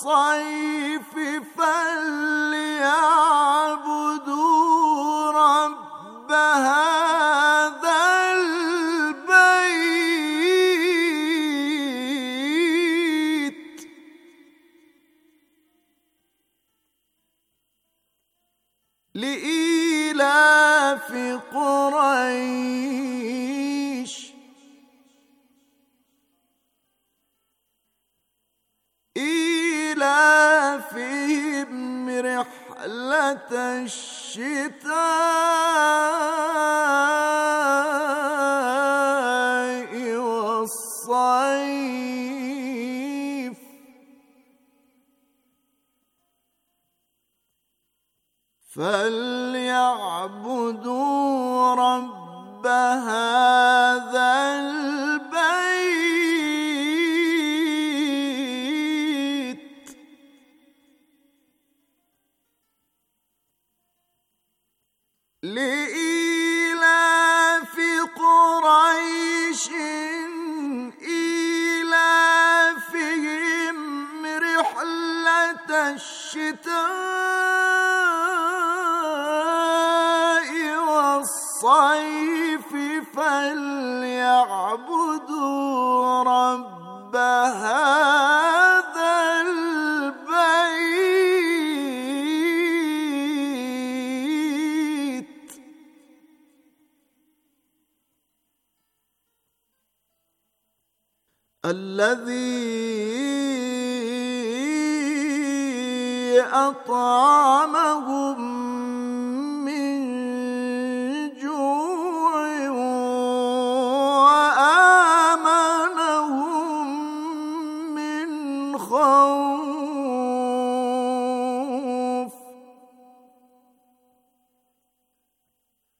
الصيف فليعلم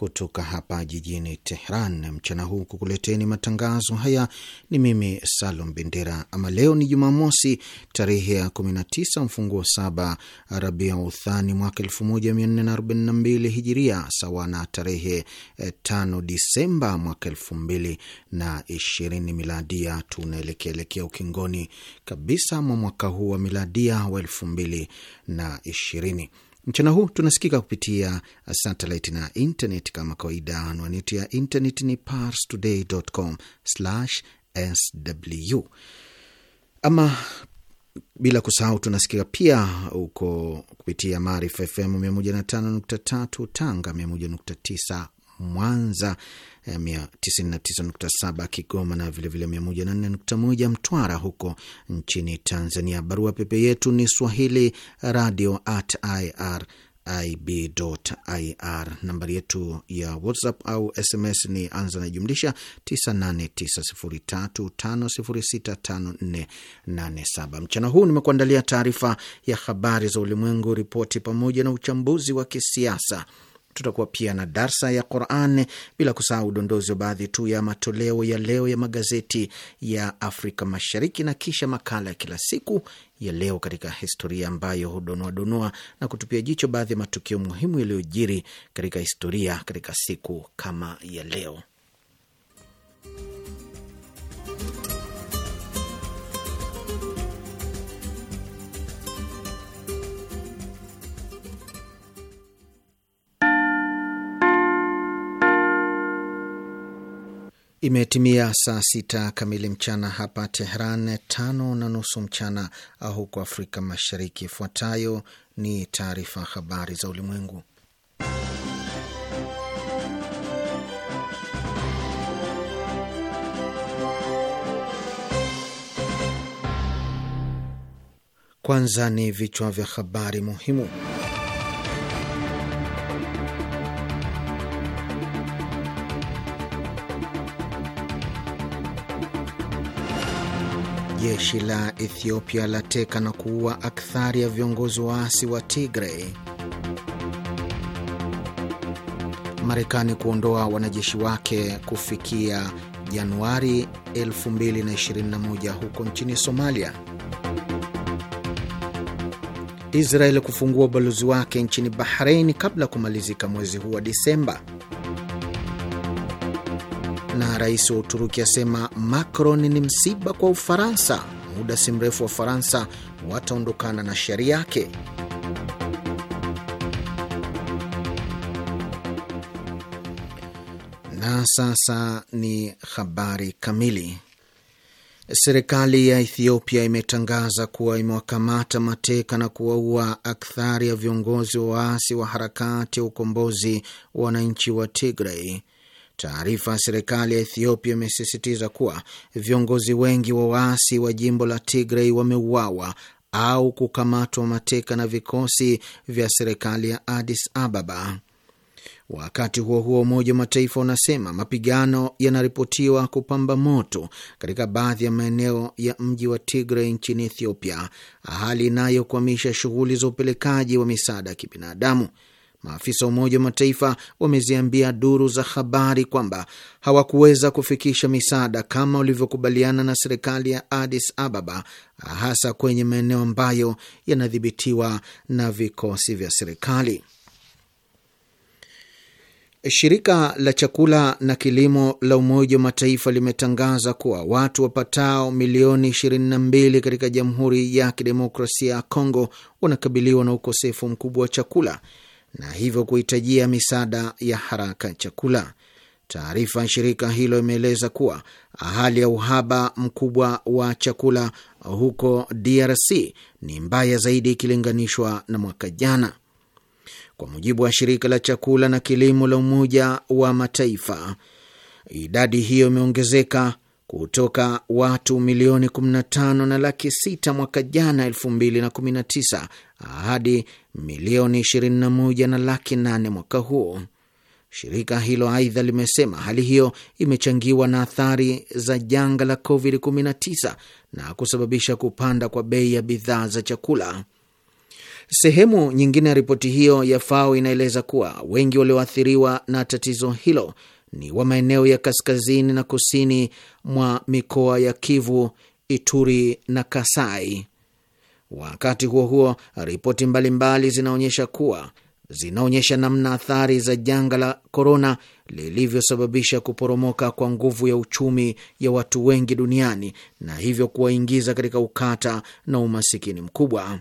kutoka hapa jijini Tehran mchana huu kukuleteni matangazo haya. Ni mimi Salum Bendera. Ama leo ni Jumamosi tarehe ya 19 mfunguo saba Rabia Uthani mwaka 1442 Hijiria, sawa na tarehe 5 eh, Disemba mwaka 2020 Miladia. Tunaelekeelekea ukingoni kabisa mwa mwaka huu wa miladia wa 2020. Mchana huu tunasikika kupitia satellite na internet kama kawaida. Anwani yetu ya internet ni parstoday.com/sw. Ama bila kusahau tunasikika pia huko kupitia Maarifa FM 105.3 Tanga, 101.9 Mwanza, 99.7 eh, Kigoma na vilevile 104.1 Mtwara huko nchini Tanzania. Barua pepe yetu ni swahili eh, radio at ir IB.IR. Nambari yetu ya WhatsApp au SMS ni anza na jumlisha 989035065487. Mchana huu nimekuandalia taarifa ya habari za ulimwengu, ripoti pamoja na uchambuzi wa kisiasa tutakuwa pia na darsa ya Quran, bila kusahau udondozi wa baadhi tu ya matoleo ya leo ya magazeti ya Afrika Mashariki, na kisha makala ya kila siku ya leo katika historia, ambayo hudonoadonoa na kutupia jicho baadhi ya matukio muhimu yaliyojiri katika historia katika siku kama ya leo. Imetimia saa sita kamili mchana hapa Tehran, tano na nusu mchana huko Afrika Mashariki. Ifuatayo ni taarifa habari za ulimwengu, kwanza ni vichwa vya habari muhimu. Jeshi la Ethiopia lateka na kuua akthari ya viongozi waasi wa Tigray. Marekani kuondoa wanajeshi wake kufikia Januari 2021 huko nchini Somalia. Israeli kufungua ubalozi wake nchini Bahrain kabla ya kumalizika mwezi huu wa Disemba na rais wa Uturuki asema Macron ni msiba kwa Ufaransa. Muda si mrefu wa ufaransa wataondokana na shari yake. Na sasa ni habari kamili. Serikali ya Ethiopia imetangaza kuwa imewakamata mateka na kuwaua akthari ya viongozi wa waasi wa harakati ya ukombozi wa wananchi wa Tigray Taarifa ya serikali ya Ethiopia imesisitiza kuwa viongozi wengi wa waasi wa jimbo la Tigray wameuawa au kukamatwa mateka na vikosi vya serikali ya Addis Ababa. Wakati huo huo, Umoja wa Mataifa unasema mapigano yanaripotiwa kupamba moto katika baadhi ya maeneo ya mji wa Tigray nchini Ethiopia, hali inayokwamisha shughuli za upelekaji wa misaada ya kibinadamu. Maafisa wa Umoja wa Mataifa wameziambia duru za habari kwamba hawakuweza kufikisha misaada kama walivyokubaliana na serikali ya Addis Ababa, hasa kwenye maeneo ambayo yanadhibitiwa na vikosi vya serikali. Shirika la chakula na kilimo la Umoja wa Mataifa limetangaza kuwa watu wapatao milioni 22 katika Jamhuri ya Kidemokrasia ya Kongo wanakabiliwa na ukosefu mkubwa wa chakula na hivyo kuhitajia misaada ya haraka chakula. Taarifa ya shirika hilo imeeleza kuwa hali ya uhaba mkubwa wa chakula huko DRC ni mbaya zaidi ikilinganishwa na mwaka jana. Kwa mujibu wa shirika la chakula na kilimo la Umoja wa Mataifa, idadi hiyo imeongezeka kutoka watu milioni 15 na laki 6 mwaka jana 2019 hadi milioni 21 na laki 8 mwaka huu. Shirika hilo aidha limesema hali hiyo imechangiwa na athari za janga la COVID-19 na kusababisha kupanda kwa bei ya bidhaa za chakula. Sehemu nyingine ya ripoti hiyo ya FAO inaeleza kuwa wengi walioathiriwa na tatizo hilo ni wa maeneo ya kaskazini na kusini mwa mikoa ya Kivu, Ituri na Kasai. Wakati huo huo, ripoti mbalimbali zinaonyesha kuwa zinaonyesha namna athari za janga la korona lilivyosababisha kuporomoka kwa nguvu ya uchumi ya watu wengi duniani na hivyo kuwaingiza katika ukata na umasikini mkubwa.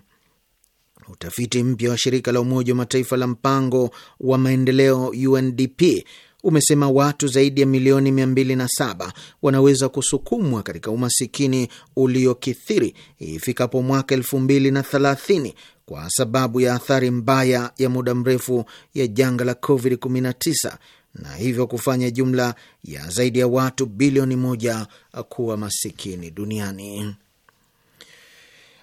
Utafiti mpya wa shirika la Umoja wa Mataifa la mpango wa maendeleo UNDP umesema watu zaidi ya milioni 207 wanaweza kusukumwa katika umasikini uliokithiri ifikapo mwaka 2030 kwa sababu ya athari mbaya ya muda mrefu ya janga la COVID-19 na hivyo kufanya jumla ya zaidi ya watu bilioni moja kuwa masikini duniani.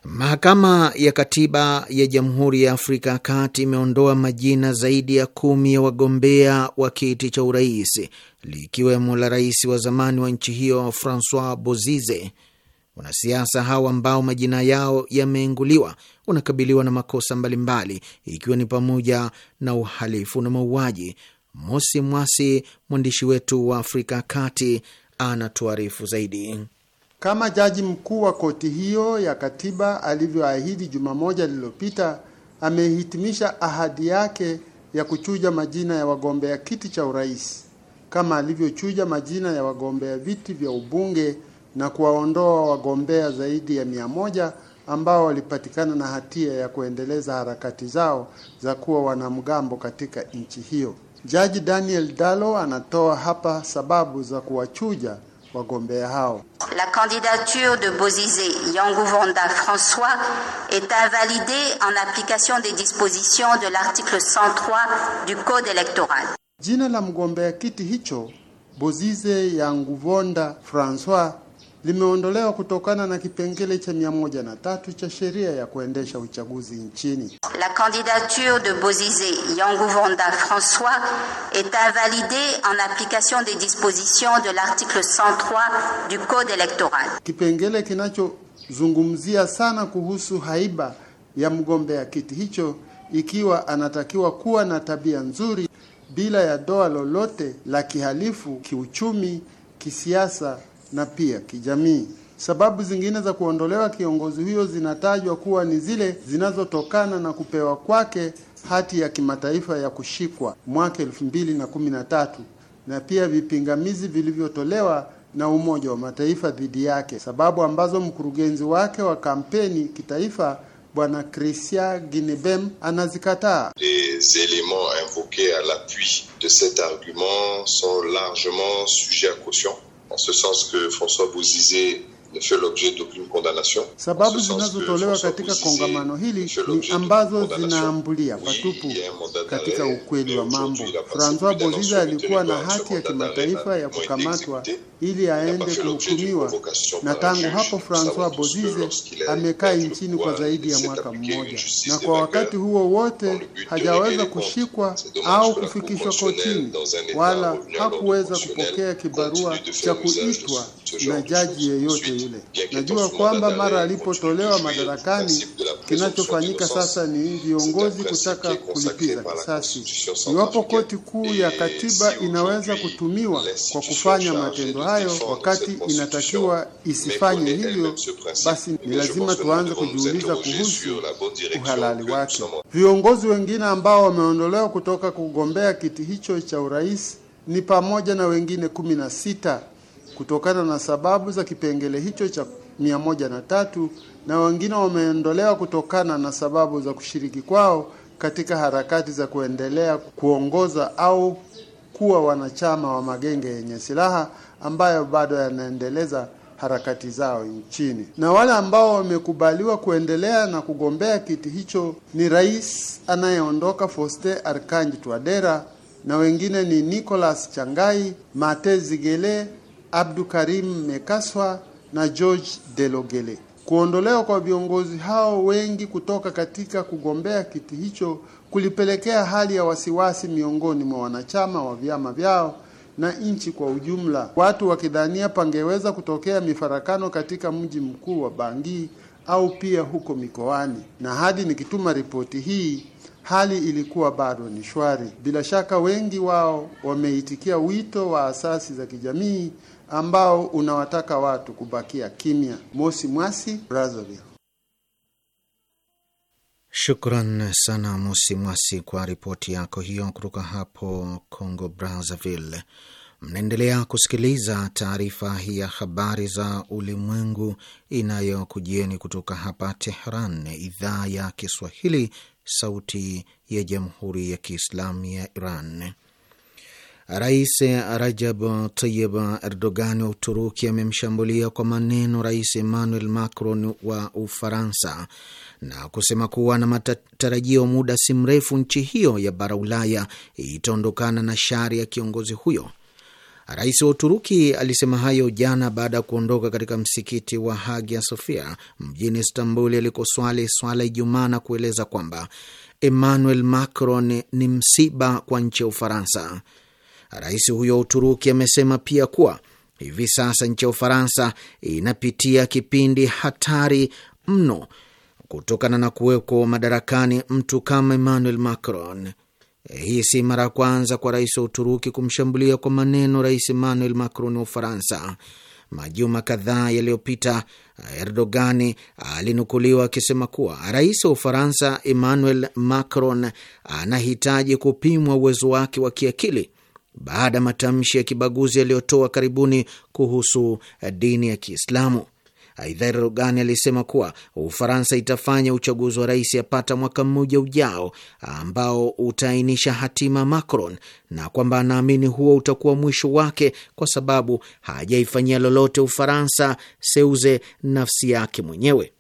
Mahakama ya Katiba ya Jamhuri ya Afrika ya Kati imeondoa majina zaidi ya kumi ya wagombea wa kiti cha urais likiwemo la rais wa zamani wa nchi hiyo Francois Bozize. Wanasiasa hao ambao majina yao yameenguliwa wanakabiliwa na makosa mbalimbali ikiwa ni pamoja na uhalifu na mauaji. Mosi Mwasi, mwandishi wetu wa Afrika ya Kati, anatuarifu zaidi kama jaji mkuu wa koti hiyo ya katiba alivyoahidi juma moja lililopita, amehitimisha ahadi yake ya kuchuja majina ya wagombea kiti cha urais kama alivyochuja majina ya wagombea viti vya ubunge na kuwaondoa wagombea zaidi ya mia moja ambao walipatikana na hatia ya kuendeleza harakati zao za kuwa wanamgambo katika nchi hiyo. Jaji Daniel Dalo anatoa hapa sababu za kuwachuja La candidature de Bozizé Yanguvonda François est invalidée en application des dispositions de l'article 103 du Code électoral. limeondolewa kutokana na kipengele cha mia moja na tatu cha sheria ya kuendesha uchaguzi nchini. La candidature de Bozizé Yangouvanda François est invalidée en application des dispositions de l'article 103 du code électoral. Kipengele kinachozungumzia sana kuhusu haiba ya mgombea kiti hicho ikiwa anatakiwa kuwa na tabia nzuri bila ya doa lolote la kihalifu, kiuchumi, kisiasa na pia kijamii. Sababu zingine za kuondolewa kiongozi huyo zinatajwa kuwa ni zile zinazotokana na kupewa kwake hati ya kimataifa ya kushikwa mwaka 2013 na pia vipingamizi vilivyotolewa na Umoja wa Mataifa dhidi yake, sababu ambazo mkurugenzi wake wa kampeni kitaifa Bwana Christian Ginebem anazikataa. Les éléments invoqués à l'appui de cet argument sont largement sujets à caution. en ce sens que François Bouzizé Sababu zinazotolewa katika kongamano hili ni ambazo zinaambulia patupu katika ukweli wa mambo. Francois Bozize alikuwa na hati ya kimataifa ya kukamatwa ili aende kuhukumiwa, na tangu hapo Francois Bozize amekaa nchini kwa zaidi ya mwaka mmoja, na kwa wakati huo wote hajaweza kushikwa au kufikishwa kotini, wala hakuweza kupokea kibarua cha kuitwa na jaji yeyote ule. Najua kwamba mara alipotolewa madarakani, kinachofanyika sasa ni viongozi kutaka kulipiza kisasi. Iwapo koti kuu ya katiba inaweza kutumiwa kwa kufanya matendo hayo wakati inatakiwa isifanye hivyo, basi ni lazima tuanze kujiuliza kuhusu uhalali wake. Viongozi wengine ambao wameondolewa kutoka kugombea kiti hicho cha urais ni pamoja na wengine kumi na sita kutokana na sababu za kipengele hicho cha mia moja na tatu na wengine wameondolewa kutokana na sababu za kushiriki kwao katika harakati za kuendelea kuongoza au kuwa wanachama wa magenge yenye silaha ambayo bado yanaendeleza harakati zao nchini. Na wale ambao wamekubaliwa kuendelea na kugombea kiti hicho ni rais anayeondoka foste arkanji Twadera, na wengine ni Nicolas Changai, Mate Zigele Abdu Karim Mekaswa na George Delogele. Kuondolewa kwa viongozi hao wengi kutoka katika kugombea kiti hicho kulipelekea hali ya wasiwasi miongoni mwa wanachama wa vyama vyao na nchi kwa ujumla, watu wakidhania pangeweza kutokea mifarakano katika mji mkuu wa Bangi au pia huko mikoani. Na hadi nikituma ripoti hii, hali ilikuwa bado ni shwari. Bila shaka wengi wao wameitikia wito wa asasi za kijamii ambao unawataka watu kubakia kimya. Mosi Mwasi, Brazzaville. Shukran sana Mosi Mwasi kwa ripoti yako hiyo kutoka hapo Congo Brazzaville. Mnaendelea kusikiliza taarifa hii ya habari za ulimwengu inayokujieni kutoka hapa Tehran, idhaa ya Kiswahili, sauti ya jamhuri ya kiislamu ya Iran. Rais Rajab Tayyib Erdogan wa Uturuki amemshambulia kwa maneno Rais Emmanuel Macron wa Ufaransa na kusema kuwa na matarajio muda si mrefu nchi hiyo ya bara Ulaya itaondokana na shari ya kiongozi huyo. Rais wa Uturuki alisema hayo jana baada ya kuondoka katika msikiti wa Hagia sofia mjini Istanbuli alikoswali swala Ijumaa na kueleza kwamba Emmanuel Macron ni msiba kwa nchi ya Ufaransa. Rais huyo wa Uturuki amesema pia kuwa hivi sasa nchi ya Ufaransa inapitia kipindi hatari mno kutokana na kuwekwa madarakani mtu kama Emmanuel Macron. Eh, hii si mara ya kwanza kwa rais wa Uturuki kumshambulia kwa maneno Rais Emmanuel Macron wa Ufaransa. Majuma kadhaa yaliyopita, eh, Erdogani alinukuliwa akisema kuwa rais wa Ufaransa Emmanuel Macron anahitaji kupimwa uwezo wake wa kiakili baada ya matamshi ya kibaguzi yaliyotoa karibuni kuhusu dini ya Kiislamu. Aidha, Erdogan alisema kuwa Ufaransa itafanya uchaguzi wa rais yapata mwaka mmoja ujao ambao utaainisha hatima Macron na kwamba anaamini huo utakuwa mwisho wake kwa sababu hajaifanyia lolote Ufaransa seuze nafsi yake mwenyewe.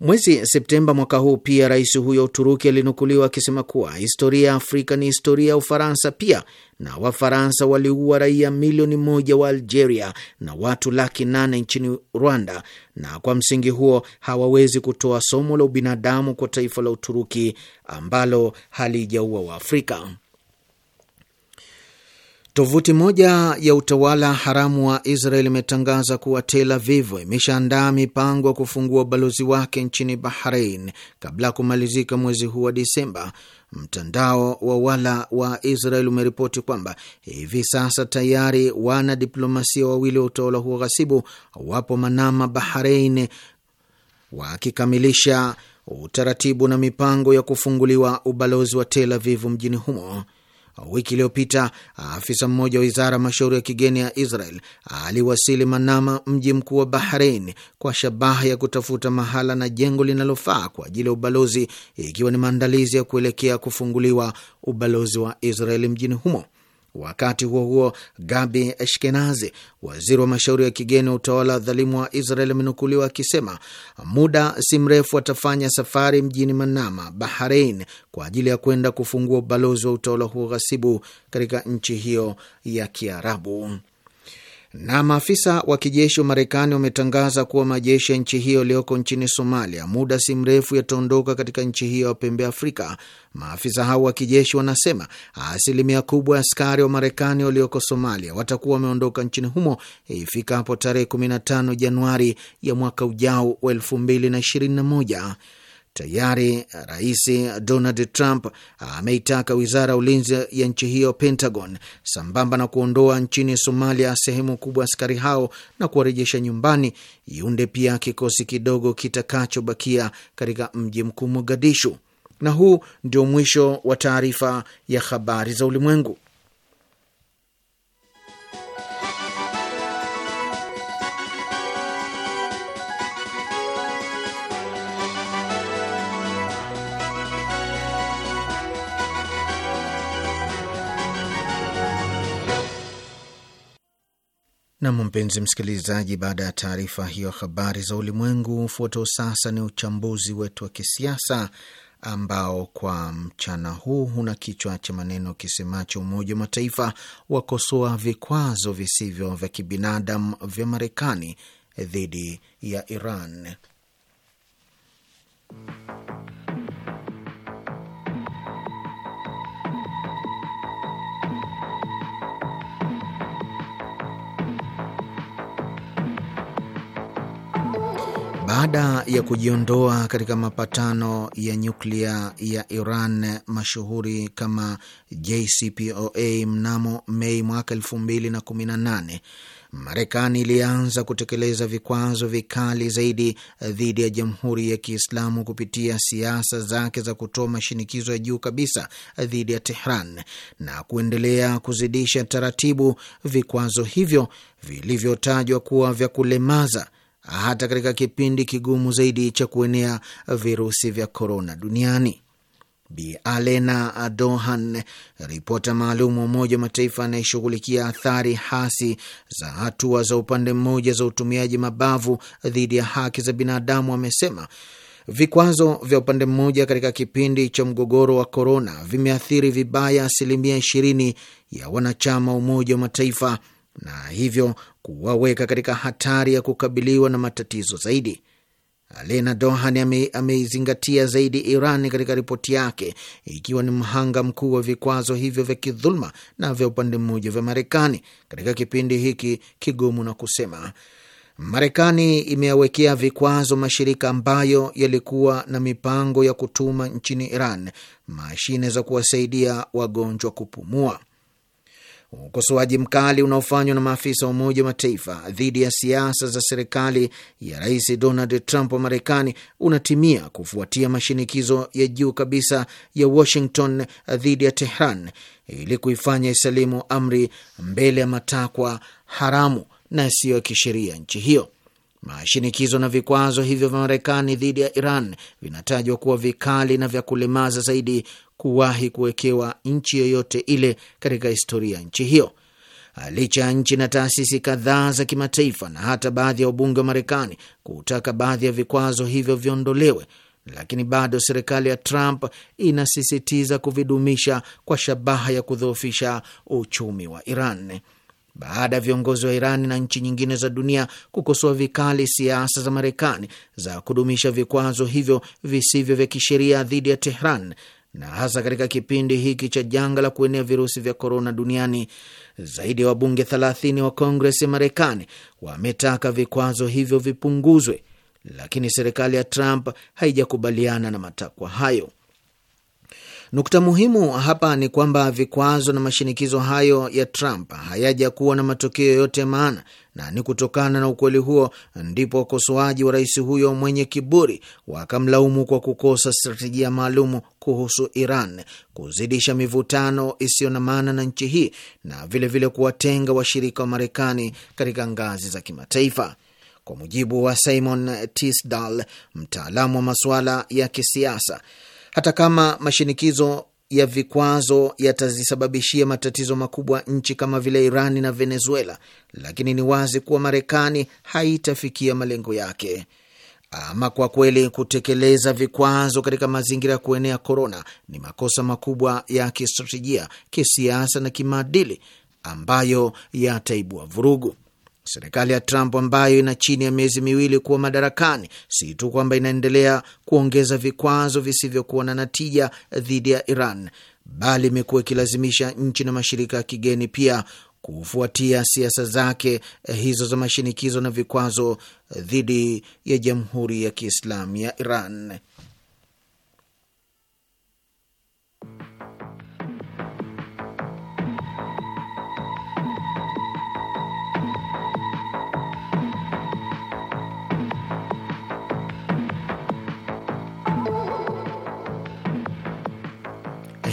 Mwezi Septemba mwaka huu pia rais huyo Uturuki alinukuliwa akisema kuwa historia ya Afrika ni historia ya Ufaransa pia, na Wafaransa waliua raia milioni moja wa Algeria na watu laki nane nchini Rwanda, na kwa msingi huo hawawezi kutoa somo la ubinadamu kwa taifa la Uturuki ambalo halijaua Waafrika. Tovuti moja ya utawala haramu wa Israel imetangaza kuwa Tel Aviv imeshaandaa mipango ya kufungua ubalozi wake nchini Bahrain kabla ya kumalizika mwezi huu wa Disemba. Mtandao wa Wala wa Israel umeripoti kwamba hivi sasa tayari wanadiplomasia wawili wa utawala huo ghasibu wapo Manama, Bahrain, wakikamilisha utaratibu na mipango ya kufunguliwa ubalozi wa Tel Aviv mjini humo. Uh, wiki iliyopita uh, afisa mmoja wa wizara mashauri ya kigeni ya Israel uh, aliwasili Manama, mji mkuu wa Bahrein, kwa shabaha ya kutafuta mahala na jengo linalofaa kwa ajili ya ubalozi, ikiwa ni maandalizi ya kuelekea kufunguliwa ubalozi wa Israel mjini humo. Wakati huo huo, Gabi Eshkenazi, waziri wa mashauri ya kigeni wa utawala dhalimu wa Israel, amenukuliwa akisema muda si mrefu atafanya safari mjini Manama, bahrein kwa ajili ya kwenda kufungua ubalozi wa utawala huo ghasibu katika nchi hiyo ya Kiarabu. Na maafisa wa kijeshi wa Marekani wametangaza kuwa majeshi ya nchi hiyo yaliyoko nchini Somalia muda si mrefu yataondoka katika nchi hiyo ya pembe Afrika. Maafisa hao wa kijeshi wanasema asilimia kubwa ya askari wa Marekani walioko Somalia watakuwa wameondoka nchini humo ifikapo tarehe 15 Januari ya mwaka ujao wa 2021. Tayari Rais Donald Trump ameitaka wizara ya ulinzi ya nchi hiyo, Pentagon, sambamba na kuondoa nchini Somalia sehemu kubwa askari hao na kuwarejesha nyumbani, iunde pia kikosi kidogo kitakachobakia katika mji mkuu Mogadishu. Na huu ndio mwisho wa taarifa ya habari za ulimwengu. Nam, mpenzi msikilizaji, baada ya taarifa hiyo habari za ulimwengu, ufuatao sasa ni uchambuzi wetu wa kisiasa ambao kwa mchana huu una kichwa cha maneno kisemacho Umoja wa Mataifa wakosoa vikwazo visivyo vya kibinadamu vya Marekani dhidi ya Iran. Baada ya kujiondoa katika mapatano ya nyuklia ya Iran mashuhuri kama JCPOA mnamo Mei mwaka nane, Marekani ilianza kutekeleza vikwazo vikali zaidi dhidi ya Jamhuri ya Kiislamu kupitia siasa zake za kutoa mashinikizo ya juu kabisa dhidi ya Tehran na kuendelea kuzidisha taratibu vikwazo hivyo vilivyotajwa kuwa vya kulemaza hata katika kipindi kigumu zaidi cha kuenea virusi vya korona duniani. Bi Alena Dohan, ripota maalum wa Umoja wa Mataifa anayeshughulikia athari hasi za hatua za upande mmoja za utumiaji mabavu dhidi ya haki za binadamu, amesema vikwazo vya upande mmoja katika kipindi cha mgogoro wa korona vimeathiri vibaya asilimia 20 ya wanachama wa Umoja wa Mataifa na hivyo kuwaweka katika hatari ya kukabiliwa na matatizo zaidi. Lena Dohan ameizingatia ame zaidi Iran katika ripoti yake, ikiwa ni mhanga mkuu wa vikwazo hivyo vya kidhuluma na vya upande mmoja vya Marekani katika kipindi hiki kigumu, na kusema Marekani imeyawekea vikwazo mashirika ambayo yalikuwa na mipango ya kutuma nchini Iran mashine za kuwasaidia wagonjwa kupumua. Ukosoaji mkali unaofanywa na maafisa wa Umoja wa Mataifa dhidi ya siasa za serikali ya Rais Donald Trump wa Marekani unatimia kufuatia mashinikizo ya juu kabisa ya Washington dhidi ya Tehran ili kuifanya isalimu amri mbele ya matakwa haramu na yasiyo ya kisheria nchi hiyo. Mashinikizo na vikwazo hivyo vya Marekani dhidi ya Iran vinatajwa kuwa vikali na vya kulemaza zaidi kuwahi kuwekewa nchi yoyote ile katika historia ya nchi hiyo. Licha ya nchi na taasisi kadhaa za kimataifa na hata baadhi ya wabunge wa Marekani kutaka baadhi ya vikwazo hivyo viondolewe, lakini bado serikali ya Trump inasisitiza kuvidumisha kwa shabaha ya kudhoofisha uchumi wa Iran baada ya viongozi wa Iran na nchi nyingine za dunia kukosoa vikali siasa za Marekani za kudumisha vikwazo hivyo visivyo vya kisheria dhidi ya Tehran na hasa katika kipindi hiki cha janga la kuenea virusi vya korona duniani, zaidi ya wabunge 30 wa Kongres ya Marekani wametaka vikwazo hivyo vipunguzwe, lakini serikali ya Trump haijakubaliana na matakwa hayo. Nukta muhimu hapa ni kwamba vikwazo na mashinikizo hayo ya Trump hayaja kuwa na matokeo yoyote maana, na ni kutokana na ukweli huo ndipo wakosoaji wa rais huyo mwenye kiburi wakamlaumu kwa kukosa strategia maalum kuhusu Iran, kuzidisha mivutano isiyo na maana na nchi hii, na vilevile kuwatenga washirika wa Marekani katika ngazi za kimataifa. Kwa mujibu wa Simon Tisdall, mtaalamu wa masuala ya kisiasa hata kama mashinikizo ya vikwazo yatazisababishia matatizo makubwa nchi kama vile Irani na Venezuela, lakini ni wazi kuwa Marekani haitafikia malengo yake. Ama kwa kweli, kutekeleza vikwazo katika mazingira ya kuenea korona ni makosa makubwa ya kistratejia, kisiasa na kimaadili ambayo yataibua vurugu. Serikali ya Trump ambayo ina chini ya miezi miwili kuwa madarakani, si tu kwamba inaendelea kuongeza vikwazo visivyokuwa na natija dhidi ya Iran, bali imekuwa ikilazimisha nchi na mashirika ya kigeni pia kufuatia siasa zake eh, hizo za mashinikizo na vikwazo dhidi ya Jamhuri ya Kiislamu ya Iran.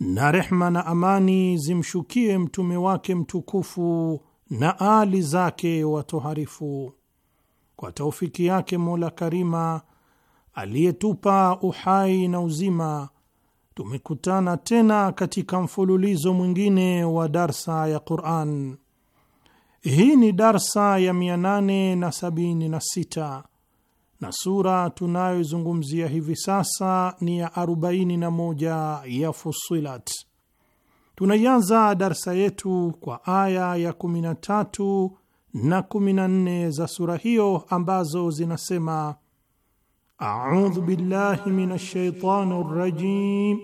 na rehma na amani zimshukie mtume wake mtukufu na ali zake watoharifu. Kwa taufiki yake Mola Karima aliyetupa uhai na uzima, tumekutana tena katika mfululizo mwingine wa darsa ya Quran. Hii ni darsa ya 876 na sura tunayoizungumzia hivi sasa ni ya 41 ya Fusilat. Tunaianza darsa yetu kwa aya ya 13 na 14 za sura hiyo ambazo zinasema: audhu billahi min shaitani rajim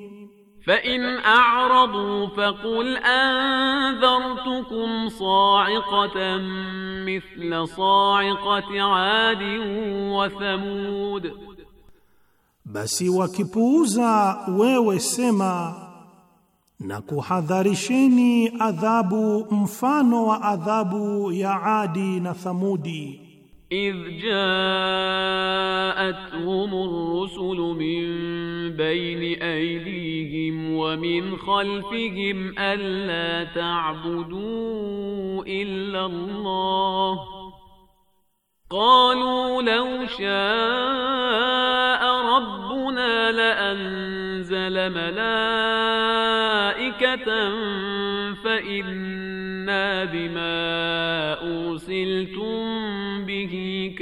فإن أعرضوا فقل أنذرتكم صاعقة مثل صاعقة عاد وثمود basi wakipuuza wewe sema na kuhadharisheni adhabu mfano wa adhabu ya Adi na Thamudi إذ جاءتهم الرسل من بين أيديهم ومن خلفهم ألا تعبدوا إلا الله قالوا لو شاء ربنا لأنزل ملائكة فإنا بما أرسلتم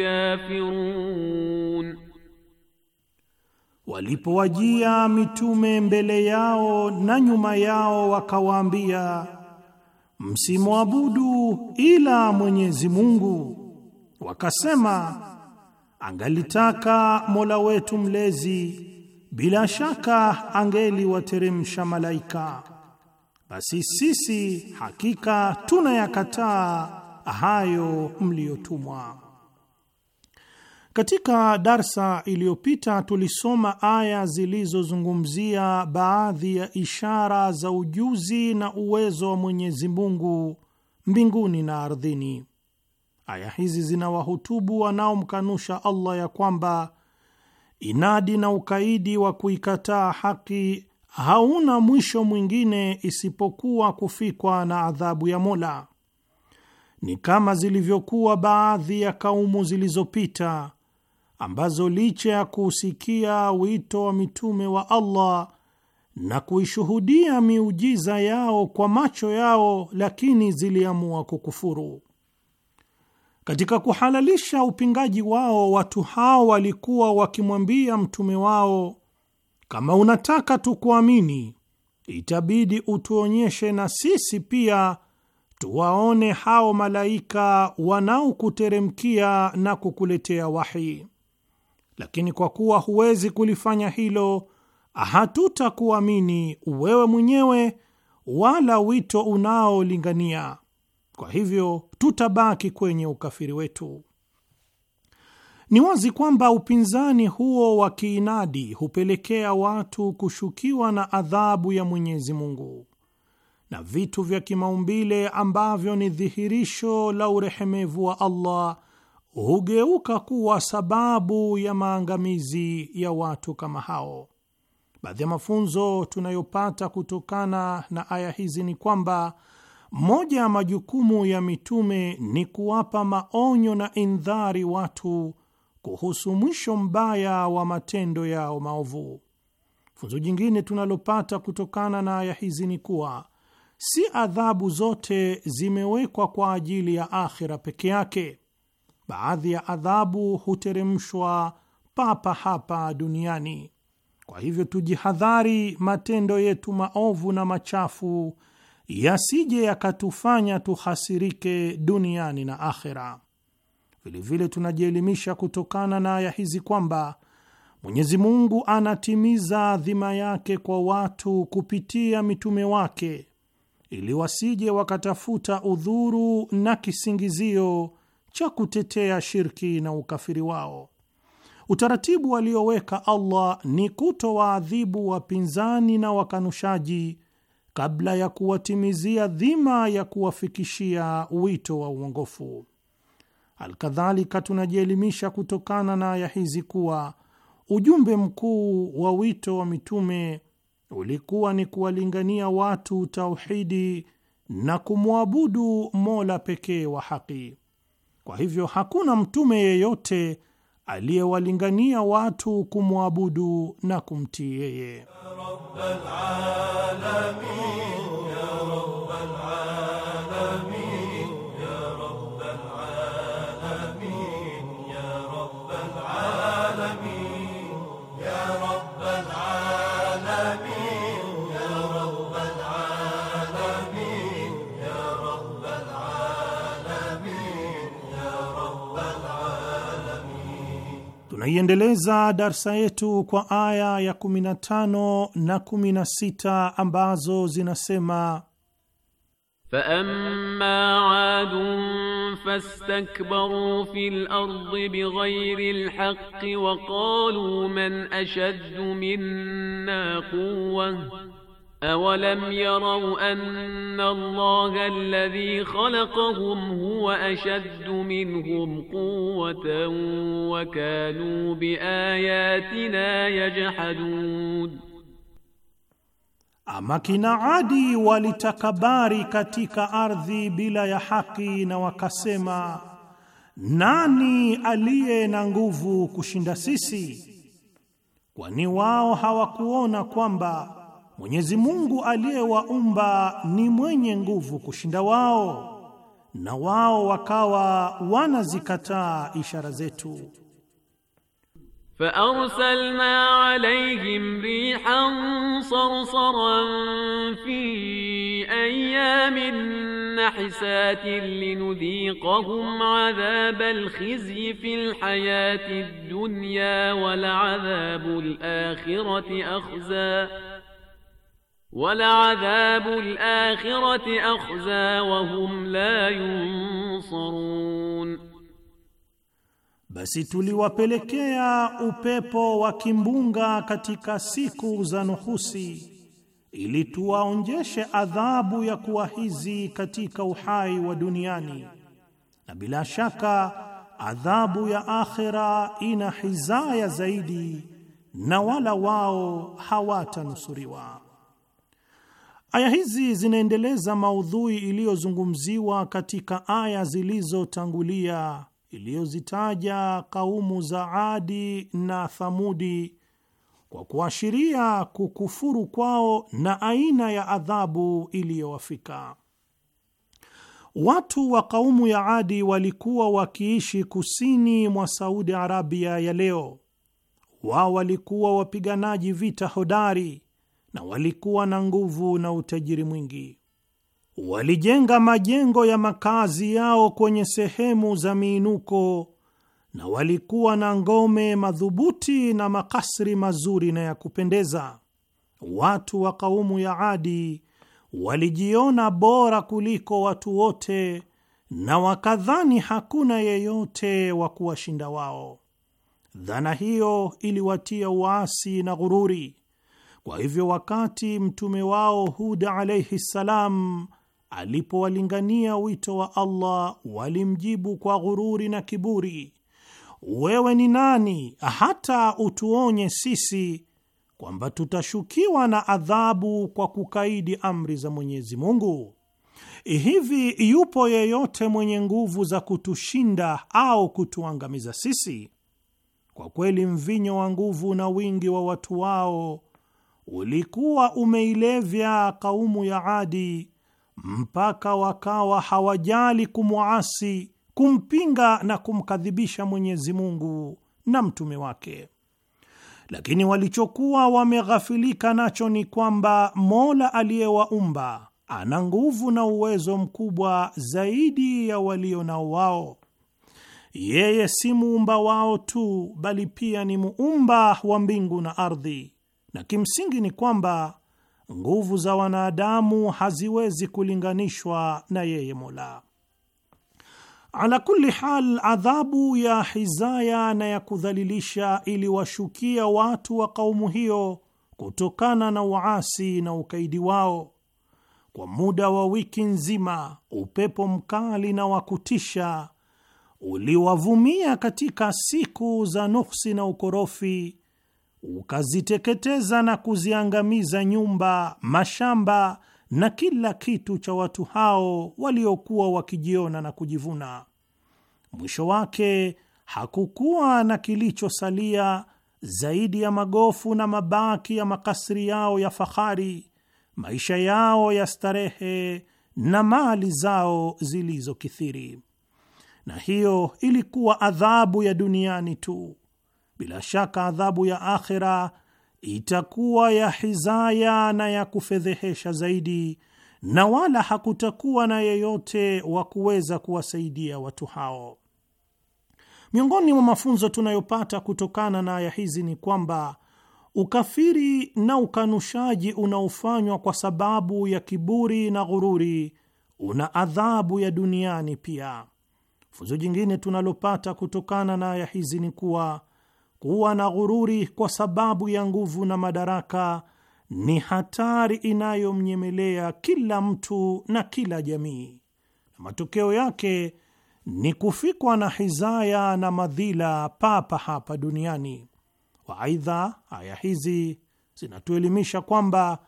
kafirun. Walipowajia mitume mbele yao na nyuma yao, wakawaambia msimwabudu ila Mwenyezi Mungu, wakasema angalitaka Mola wetu mlezi bila shaka angeliwateremsha malaika. Basi sisi hakika tunayakataa hayo mliyotumwa. Katika darsa iliyopita tulisoma aya zilizozungumzia baadhi ya ishara za ujuzi na uwezo wa Mwenyezi Mungu mbinguni na ardhini. Aya hizi zinawahutubu wanaomkanusha Allah ya kwamba inadi na ukaidi wa kuikataa haki hauna mwisho mwingine isipokuwa kufikwa na adhabu ya Mola. Ni kama zilivyokuwa baadhi ya kaumu zilizopita ambazo licha ya kuusikia wito wa mitume wa Allah na kuishuhudia miujiza yao kwa macho yao, lakini ziliamua kukufuru. Katika kuhalalisha upingaji wao, watu hao walikuwa wakimwambia mtume wao, kama unataka tukuamini, itabidi utuonyeshe na sisi pia tuwaone hao malaika wanaokuteremkia na kukuletea wahi lakini kwa kuwa huwezi kulifanya hilo, hatutakuamini wewe mwenyewe wala wito unaolingania. Kwa hivyo tutabaki kwenye ukafiri wetu. Ni wazi kwamba upinzani huo wa kiinadi hupelekea watu kushukiwa na adhabu ya Mwenyezi Mungu, na vitu vya kimaumbile ambavyo ni dhihirisho la urehemevu wa Allah hugeuka kuwa sababu ya maangamizi ya watu kama hao. Baadhi ya mafunzo tunayopata kutokana na aya hizi ni kwamba moja ya majukumu ya mitume ni kuwapa maonyo na indhari watu kuhusu mwisho mbaya wa matendo yao maovu. Funzo jingine tunalopata kutokana na aya hizi ni kuwa si adhabu zote zimewekwa kwa ajili ya akhira peke yake baadhi ya adhabu huteremshwa papa hapa duniani. Kwa hivyo tujihadhari, matendo yetu maovu na machafu yasije yakatufanya tuhasirike duniani na akhera. Vilevile tunajielimisha kutokana na aya hizi kwamba Mwenyezi Mungu anatimiza dhima yake kwa watu kupitia mitume wake ili wasije wakatafuta udhuru na kisingizio cha kutetea shirki na ukafiri wao. Utaratibu walioweka Allah ni kutowaadhibu wapinzani na wakanushaji kabla ya kuwatimizia dhima ya kuwafikishia wito wa uongofu. Alkadhalika, tunajielimisha kutokana na aya hizi kuwa ujumbe mkuu wa wito wa mitume ulikuwa ni kuwalingania watu tauhidi na kumwabudu Mola pekee wa haki. Kwa hivyo hakuna mtume yeyote aliyewalingania watu kumwabudu na kumtii yeye alamin. Tunaiendeleza darsa yetu kwa aya ya 15 na 16 ambazo zinasema: faamma aadun fastakbaru fil ardi bighayri alhaqqi wa qalu man ashaddu minna quwwa أولم يروا أن الله الذي خلقهم هو أشد منهم قوة وكانوا بآياتنا يجحدون Ama kina Adi walitakabari katika ardhi bila ya haki na wakasema, nani aliye na nguvu kushinda sisi? Kwani wao hawakuona kwamba Mwenyezi Mungu aliyewaumba ni mwenye nguvu kushinda wao, na wao wakawa wanazikataa ishara zetu. Faarsalna alayhim rihan sarsaran fi ayamin nahisatin linudhiqahum adhabal khizyi fil hayati dunya wal adhabul akhirati akhza Walaadhabu al-akhirati akhza wa hum la yunsarun, basi tuliwapelekea upepo wa kimbunga katika siku za nuhusi ili tuwaonjeshe adhabu ya kuwa hizi katika uhai wa duniani, na bila shaka adhabu ya akhira ina hizaya zaidi, na wala wao hawatanusuriwa. Aya hizi zinaendeleza maudhui iliyozungumziwa katika aya zilizotangulia iliyozitaja kaumu za Adi na Thamudi kwa kuashiria kukufuru kwao na aina ya adhabu iliyowafika. Watu wa kaumu ya Adi walikuwa wakiishi kusini mwa Saudi Arabia ya leo. Wao walikuwa wapiganaji vita hodari na walikuwa na nguvu na utajiri mwingi. Walijenga majengo ya makazi yao kwenye sehemu za miinuko na walikuwa na ngome madhubuti na makasri mazuri na ya kupendeza. Watu wa kaumu ya Adi walijiona bora kuliko watu wote na wakadhani hakuna yeyote wa kuwashinda wao. Dhana hiyo iliwatia uasi na ghururi kwa hivyo wakati mtume wao Huda alaihi ssalam alipowalingania wito wa Allah walimjibu kwa ghururi na kiburi, wewe ni nani hata utuonye sisi kwamba tutashukiwa na adhabu kwa kukaidi amri za Mwenyezi Mungu? Hivi yupo yeyote mwenye nguvu za kutushinda au kutuangamiza sisi? Kwa kweli mvinyo wa nguvu na wingi wa watu wao ulikuwa umeilevya kaumu ya Adi mpaka wakawa hawajali kumwasi, kumpinga na kumkadhibisha Mwenyezi Mungu na mtume wake. Lakini walichokuwa wameghafilika nacho ni kwamba Mola aliyewaumba ana nguvu na uwezo mkubwa zaidi ya walio nao wao. Yeye si muumba wao tu, bali pia ni muumba wa mbingu na ardhi na kimsingi ni kwamba nguvu za wanadamu haziwezi kulinganishwa na yeye Mola. Ala kulli hal, adhabu ya hizaya na ya kudhalilisha iliwashukia watu wa kaumu hiyo kutokana na uasi na ukaidi wao. Kwa muda wa wiki nzima, upepo mkali na wa kutisha uliwavumia katika siku za nuksi na ukorofi ukaziteketeza na kuziangamiza nyumba, mashamba na kila kitu cha watu hao waliokuwa wakijiona na kujivuna. Mwisho wake hakukuwa na kilichosalia zaidi ya magofu na mabaki ya makasri yao ya fahari, maisha yao ya starehe na mali zao zilizokithiri. Na hiyo ilikuwa adhabu ya duniani tu, bila shaka adhabu ya akhera itakuwa ya hizaya na ya kufedhehesha zaidi, na wala hakutakuwa na yeyote wa kuweza kuwasaidia watu hao. Miongoni mwa mafunzo tunayopata kutokana na aya hizi ni kwamba ukafiri na ukanushaji unaofanywa kwa sababu ya kiburi na ghururi una adhabu ya duniani pia. Funzo jingine tunalopata kutokana na aya hizi ni kuwa kuwa na ghururi kwa sababu ya nguvu na madaraka ni hatari inayomnyemelea kila mtu na kila jamii, na matokeo yake ni kufikwa na hizaya na madhila papa hapa duniani. Waaidha, aya hizi zinatuelimisha kwamba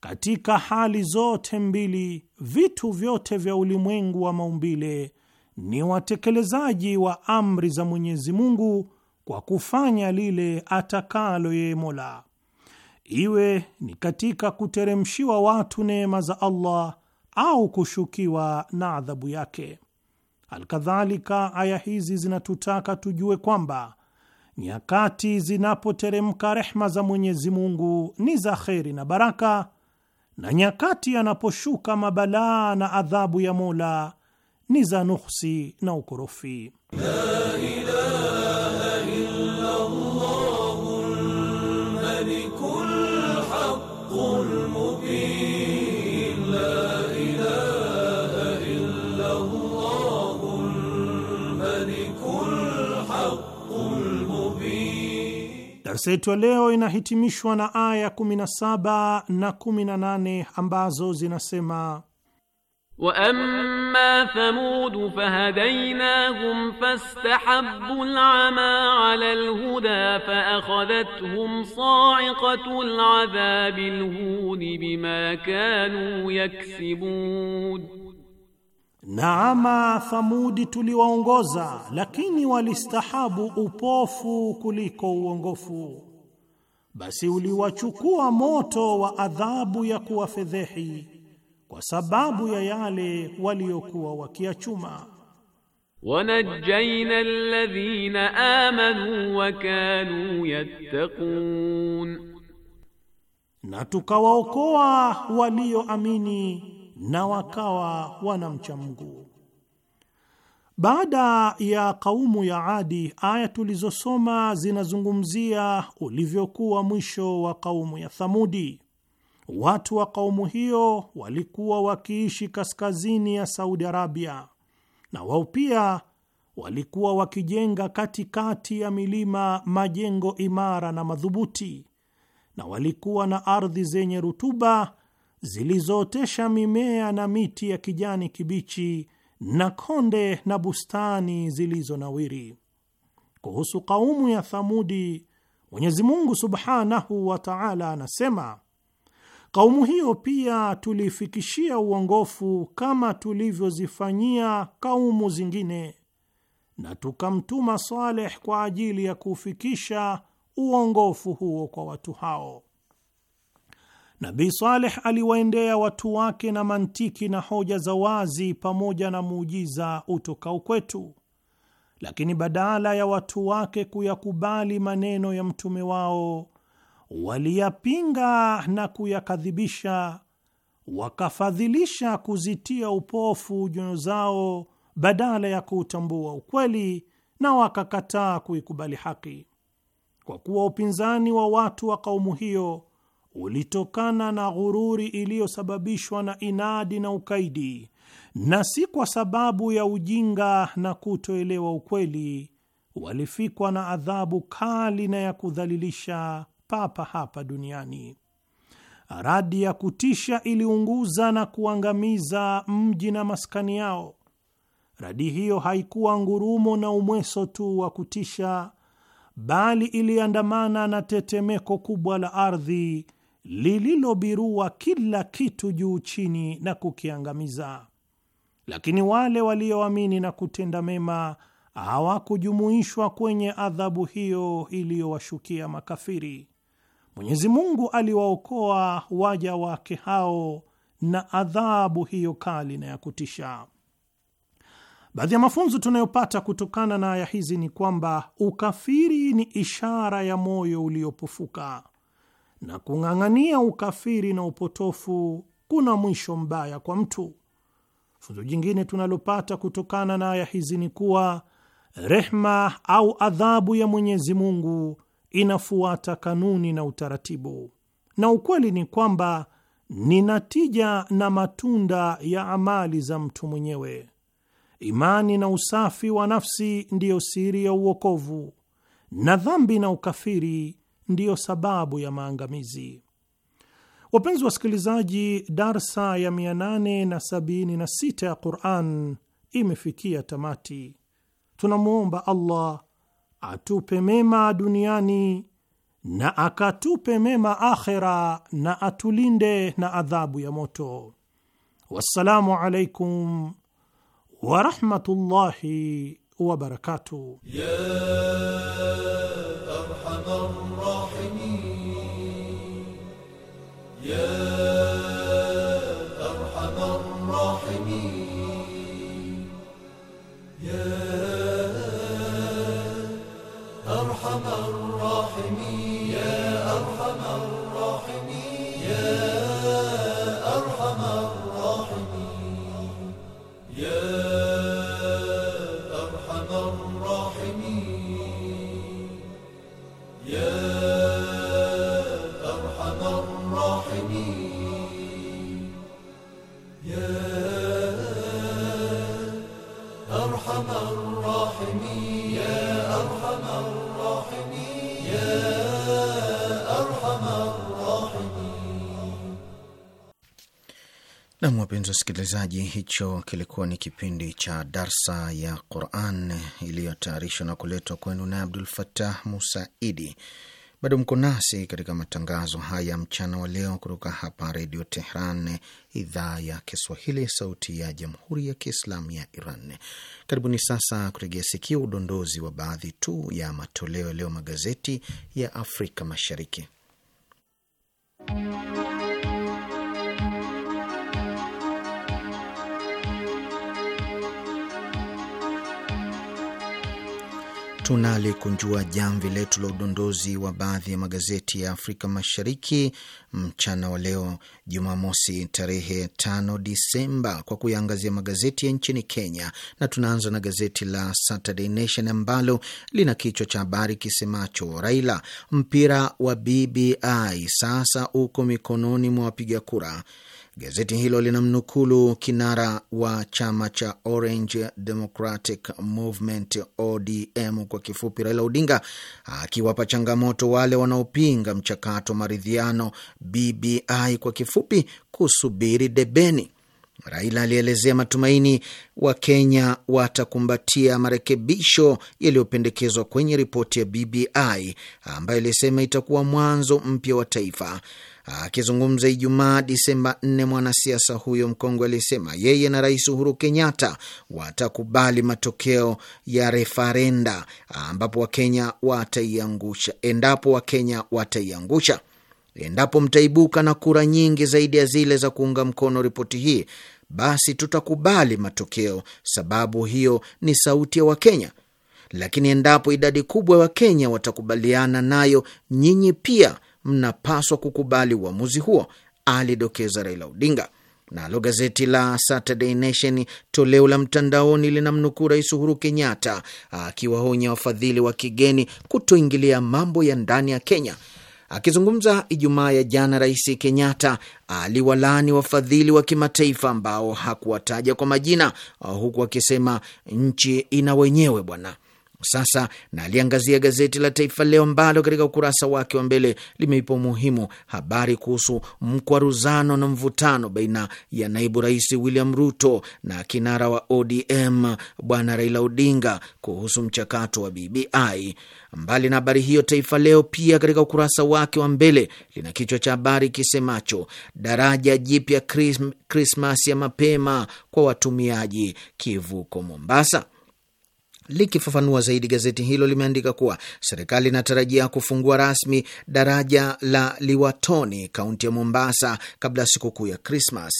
katika hali zote mbili, vitu vyote vya ulimwengu wa maumbile ni watekelezaji wa amri za Mwenyezi Mungu kwa kufanya lile atakalo yeye Mola, iwe ni katika kuteremshiwa watu neema za Allah au kushukiwa na adhabu yake. Alkadhalika, aya hizi zinatutaka tujue kwamba nyakati zinapoteremka rehma za Mwenyezi Mungu ni za kheri na baraka, na nyakati yanaposhuka mabalaa na adhabu ya Mola ni za nuksi na ukorofi la Darsa yetu ya leo inahitimishwa na aya 17 na 18 ambazo zinasema: wa amma thamud fahadainahum fastahabbu al-ama 'ala al-huda fa faakhadhathum sa'iqatu al-'adhabi al-hun bima kanu yaksibun Na ama Thamudi tuliwaongoza, lakini walistahabu upofu kuliko uongofu, basi uliwachukua moto wa adhabu ya kuwafedhehi kwa sababu ya yale waliokuwa wakiachuma. Wanajaina alladhina amanu wa kanu yattaqun, na tukawaokoa walioamini na wakawa wanamcha Mungu. Baada ya kaumu ya Adi, aya tulizosoma zinazungumzia ulivyokuwa mwisho wa kaumu ya Thamudi. Watu wa kaumu hiyo walikuwa wakiishi kaskazini ya Saudi Arabia, na wao pia walikuwa wakijenga katikati ya milima majengo imara na madhubuti, na walikuwa na ardhi zenye rutuba zilizootesha mimea na miti ya kijani kibichi na konde na bustani zilizonawiri. Kuhusu kaumu ya Thamudi, Mwenyezi Mungu subhanahu wa taala anasema, kaumu hiyo pia tuliifikishia uongofu kama tulivyozifanyia kaumu zingine, na tukamtuma Saleh kwa ajili ya kuufikisha uongofu huo kwa watu hao. Nabii Saleh aliwaendea watu wake na mantiki na hoja za wazi pamoja na muujiza utokao kwetu, lakini badala ya watu wake kuyakubali maneno ya mtume wao waliyapinga na kuyakadhibisha, wakafadhilisha kuzitia upofu nyoyo zao badala ya kuutambua ukweli, na wakakataa kuikubali haki. Kwa kuwa upinzani wa watu wa kaumu hiyo ulitokana na ghururi iliyosababishwa na inadi na ukaidi, na si kwa sababu ya ujinga na kutoelewa ukweli. Walifikwa na adhabu kali na ya kudhalilisha papa hapa duniani. Radi ya kutisha iliunguza na kuangamiza mji na maskani yao. Radi hiyo haikuwa ngurumo na umweso tu wa kutisha, bali iliandamana na tetemeko kubwa la ardhi lililobirua kila kitu juu chini na kukiangamiza. Lakini wale walioamini na kutenda mema hawakujumuishwa kwenye adhabu hiyo iliyowashukia makafiri. Mwenyezi Mungu aliwaokoa waja wake hao na adhabu hiyo kali na ya kutisha. Baadhi ya mafunzo tunayopata kutokana na aya hizi ni kwamba ukafiri ni ishara ya moyo uliopofuka na kung'ang'ania ukafiri na upotofu kuna mwisho mbaya kwa mtu. Funzo jingine tunalopata kutokana na aya hizi ni kuwa rehma au adhabu ya Mwenyezi Mungu inafuata kanuni na utaratibu, na ukweli ni kwamba ni natija na matunda ya amali za mtu mwenyewe. Imani na usafi wa nafsi ndiyo siri ya uokovu, na dhambi na ukafiri ndiyo sababu ya maangamizi. Wapenzi wasikilizaji, darsa ya 876 ya Quran imefikia tamati. Tunamwomba Allah atupe mema duniani na akatupe mema akhera na atulinde na adhabu ya moto. Wassalamu alaikum warahmatullahi wabarakatuh. Yeah. Wapenzi wasikilizaji, hicho kilikuwa ni kipindi cha darsa ya Quran iliyotayarishwa na kuletwa kwenu na Abdul fatah Musaidi. Bado mko nasi katika matangazo haya mchana wa leo kutoka hapa Redio Tehran, idhaa ya Kiswahili, sauti ya jamhuri ya Kiislamu ya Iran. Karibuni sasa kuregea sikio udondozi wa baadhi tu ya matoleo ya leo magazeti ya Afrika Mashariki. tunalikunjua jamvi letu la udondozi wa baadhi ya magazeti ya Afrika Mashariki mchana wa leo Jumamosi tarehe ta Disemba kwa kuyaangazia magazeti ya nchini Kenya, na tunaanza na gazeti la Saturday Nation ambalo lina kichwa cha habari kisemacho Raila, mpira wa BBI sasa uko mikononi mwa wapiga kura. Gazeti hilo linamnukulu kinara wa chama cha Orange Democratic Movement, ODM kwa kifupi, Raila Odinga akiwapa changamoto wale wanaopinga mchakato wa maridhiano, BBI kwa kifupi, kusubiri debeni. Raila alielezea matumaini Wakenya watakumbatia marekebisho yaliyopendekezwa kwenye ripoti ya BBI ambayo ilisema itakuwa mwanzo mpya wa taifa. Akizungumza Ijumaa Disemba 4, mwanasiasa huyo mkongwe alisema yeye na Rais Uhuru Kenyatta watakubali matokeo ya refarenda ambapo Wakenya wataiangusha, endapo Wakenya wataiangusha, endapo mtaibuka na kura nyingi zaidi ya zile za kuunga mkono ripoti hii, basi tutakubali matokeo, sababu hiyo ni sauti ya Wakenya. Lakini endapo idadi kubwa ya Wakenya watakubaliana nayo, nyinyi pia mnapaswa kukubali uamuzi huo, alidokeza Raila Odinga. Nalo gazeti la Saturday Nation toleo la mtandaoni linamnukuu Rais Uhuru Kenyatta akiwaonya wafadhili wa kigeni kutoingilia mambo ya ndani ya Kenya. Akizungumza Ijumaa ya jana, Rais Kenyatta aliwalaani wafadhili wa kimataifa ambao hakuwataja kwa majina, huku akisema nchi ina wenyewe bwana. Sasa naliangazia gazeti la Taifa Leo ambalo katika ukurasa wake wa mbele limeipa umuhimu habari kuhusu mkwaruzano na mvutano baina ya naibu rais William Ruto na kinara wa ODM bwana Raila Odinga kuhusu mchakato wa BBI. Mbali na habari hiyo, Taifa Leo pia katika ukurasa wake wa mbele lina kichwa cha habari kisemacho daraja jipya Krismasi ya mapema kwa watumiaji kivuko Mombasa. Likifafanua zaidi gazeti hilo limeandika kuwa serikali inatarajia kufungua rasmi daraja la Liwatoni, kaunti ya Mombasa, kabla ya sikukuu ya Krismas.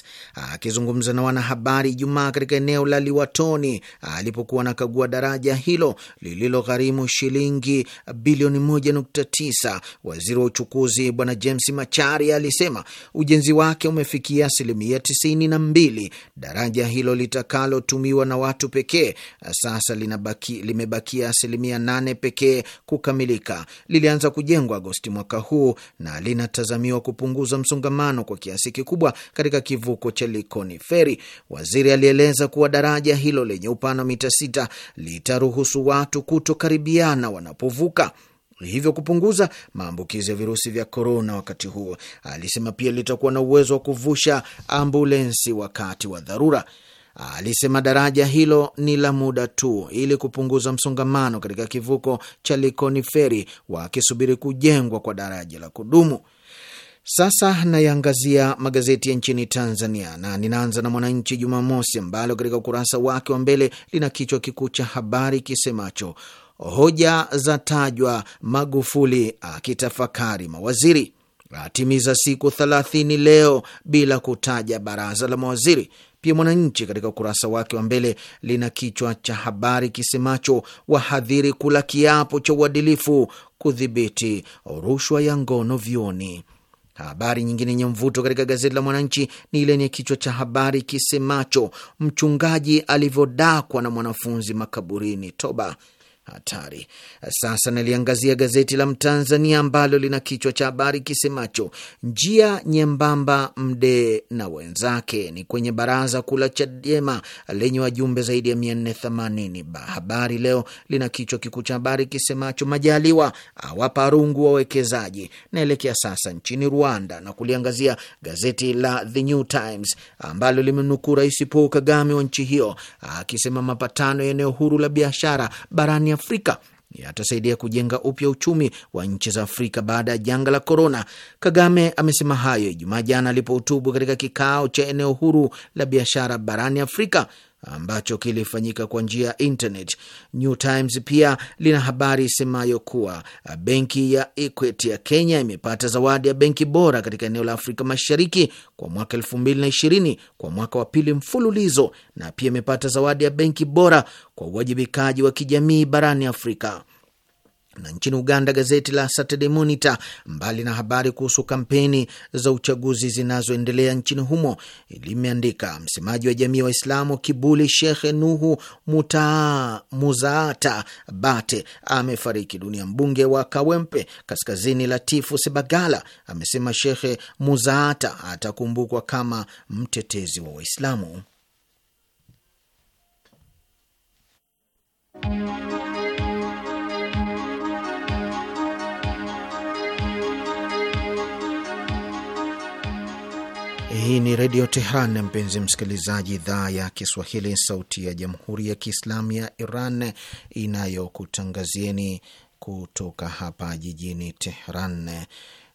Akizungumza na wanahabari Ijumaa katika eneo la Liwatoni alipokuwa anakagua daraja hilo lililogharimu shilingi bilioni 1.9, waziri wa uchukuzi Bwana James Macharia alisema ujenzi wake umefikia asilimia 92. Daraja hilo litakalotumiwa na watu pekee sasa linabaki limebaki, limebakia asilimia nane pekee kukamilika. Lilianza kujengwa Agosti mwaka huu na linatazamiwa kupunguza msongamano kwa kiasi kikubwa katika kivuko cha Likoni Feri. Waziri alieleza kuwa daraja hilo lenye upana wa mita sita litaruhusu watu kutokaribiana wanapovuka hivyo kupunguza maambukizi ya virusi vya korona. Wakati huo alisema pia litakuwa na uwezo wa kuvusha ambulensi wakati wa dharura alisema daraja hilo ni la muda tu ili kupunguza msongamano katika kivuko cha Likoni Feri, wakisubiri kujengwa kwa daraja la kudumu. Sasa nayangazia magazeti ya nchini Tanzania na ninaanza na Mwananchi Jumamosi, ambalo katika ukurasa wake wa mbele lina kichwa kikuu cha habari kisemacho hoja za tajwa, Magufuli akitafakari mawaziri atimiza siku thelathini leo bila kutaja baraza la mawaziri. Pia Mwananchi katika ukurasa wake wa mbele lina kichwa cha habari kisemacho wahadhiri kula kiapo cha uadilifu kudhibiti rushwa ya ngono vyuoni. Habari nyingine yenye mvuto katika gazeti la Mwananchi ni ile yenye kichwa cha habari kisemacho mchungaji alivyodakwa na mwanafunzi makaburini, toba hatari. Sasa naliangazia gazeti la Mtanzania ambalo lina kichwa cha habari kisemacho njia nyembamba Mdee na wenzake ni kwenye baraza kuu la Chadema lenye wajumbe zaidi ya 480. Habari Leo lina kichwa kikuu cha habari kisemacho Majaliwa awapa rungu wawekezaji. Naelekea sasa nchini Rwanda na kuliangazia gazeti la The New Times ambalo limenukuu Rais Paul Kagame wa nchi hiyo akisema mapatano ya eneo huru la biashara barani Afrika yatasaidia kujenga upya uchumi wa nchi za Afrika baada ya janga la korona. Kagame amesema hayo Ijumaa jana alipohutubu katika kikao cha eneo huru la biashara barani Afrika ambacho kilifanyika kwa njia ya internet. New Times pia lina habari isemayo kuwa uh, benki ya Equity ya Kenya imepata zawadi ya benki bora katika eneo la Afrika Mashariki kwa mwaka elfu mbili na ishirini kwa mwaka wa pili mfululizo, na pia imepata zawadi ya benki bora kwa uwajibikaji wa kijamii barani Afrika na nchini Uganda, gazeti la Saturday Monitor, mbali na habari kuhusu kampeni za uchaguzi zinazoendelea nchini humo, limeandika msemaji wa jamii ya Waislamu Kibuli shekhe Nuhu Muta, Muzaata Bate amefariki dunia. Mbunge wa Kawempe Kaskazini Latifu Sebagala amesema shekhe Muzaata atakumbukwa kama mtetezi wa Waislamu. Hii ni Redio Tehran, mpenzi msikilizaji, idhaa ya Kiswahili, sauti ya Jamhuri ya Kiislamu ya Iran inayokutangazieni kutoka hapa jijini Tehran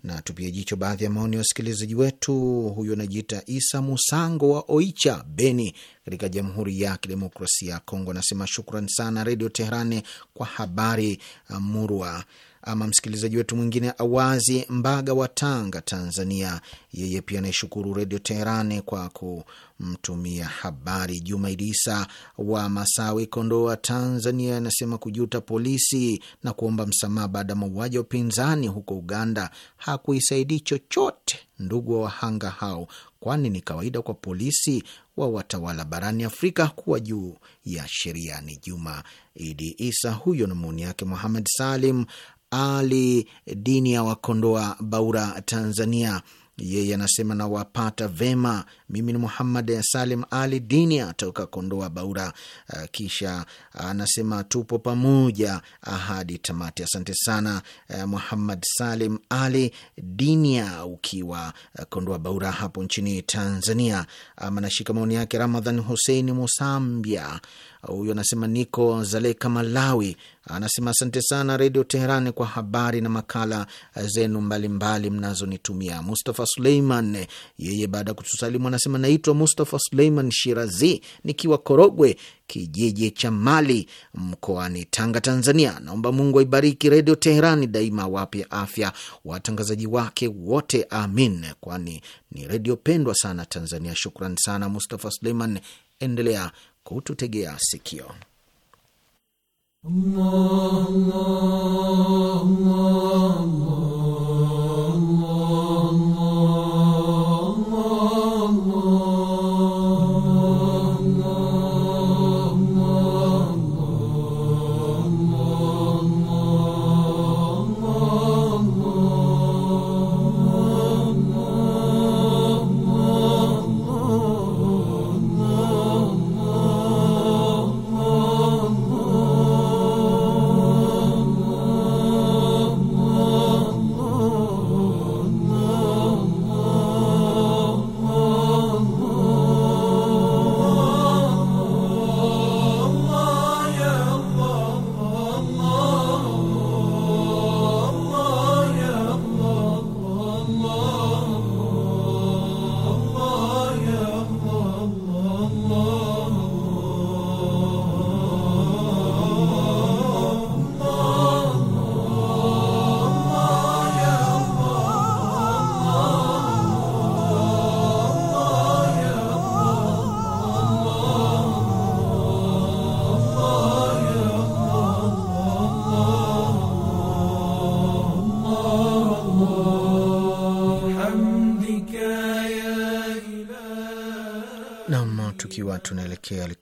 na tupia jicho baadhi ya maoni ya wasikilizaji wetu. Huyu anajiita Isa Musango wa Oicha, Beni, katika Jamhuri ya Kidemokrasia ya Kongo, anasema shukran sana Redio Teherani kwa habari murwa. Ama msikilizaji wetu mwingine Awazi Mbaga wa Tanga, Tanzania, yeye pia anayeshukuru Redio Teherani kwa kumtumia habari. Juma Idisa wa Masawi, Kondoa, Tanzania, anasema kujuta polisi na kuomba msamaha baada ya mauaji wa upinzani huko Uganda hakuisaidii chochote ndugu wa wahanga hao, kwani ni kawaida kwa polisi wa watawala barani Afrika kuwa juu ya sheria. Ni Juma Idi Isa huyo, na maoni yake Muhamed Salim ali Dini ya Wakondoa, Baura, Tanzania. Yeye anasema nawapata vema. Mimi ni Muhammad Salim Ali Dinia toka Kondoa Baura. Ah, kisha anasema tupo pamoja ahadi tamati. Asante sana ah, Muhammad Salim Ali Dinia ukiwa Kondoa Baura hapo nchini Tanzania. Ama nashika maoni yake Ramadhan Husein Musambia Huyu anasema niko Zaleka, Malawi. Anasema asante sana Redio teheran kwa habari na makala zenu mbalimbali mnazonitumia. Mustafa Suleiman yeye, baada ya kutusalimu, anasema naitwa Mustafa Suleiman Shirazi, nikiwa Korogwe, kijiji cha Mali, mkoani Tanga, Tanzania. Naomba Mungu aibariki Redio Teherani daima, wape afya watangazaji wake wote, amin, kwani ni redio pendwa sana Tanzania. Shukran sana Mustafa Suleiman, endelea kututegea sikio. Allah, Allah, Allah, Allah.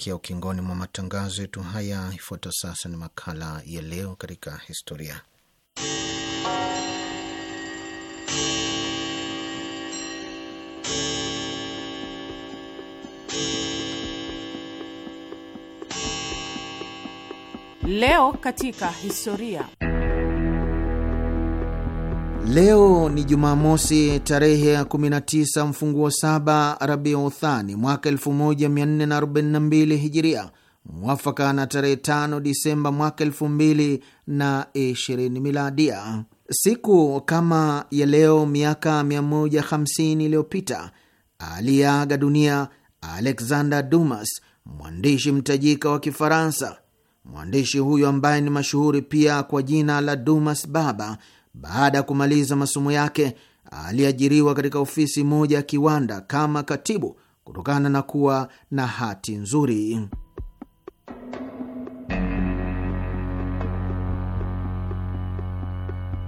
tumefikia ukingoni mwa matangazo yetu haya. Ifuata sasa ni makala ya leo katika historia. Leo katika historia Leo ni Jumamosi tarehe ya 19 mfunguo saba Rabiu Uthani mwaka 1442 Hijiria, mwafaka na tarehe 5 Disemba mwaka 2020 Miladia. Siku kama ya leo miaka 150 iliyopita aliyeaga dunia Alexander Dumas, mwandishi mtajika wa Kifaransa. Mwandishi huyo ambaye ni mashuhuri pia kwa jina la Dumas Baba baada ya kumaliza masomo yake, aliajiriwa katika ofisi moja ya kiwanda kama katibu kutokana na kuwa na hati nzuri.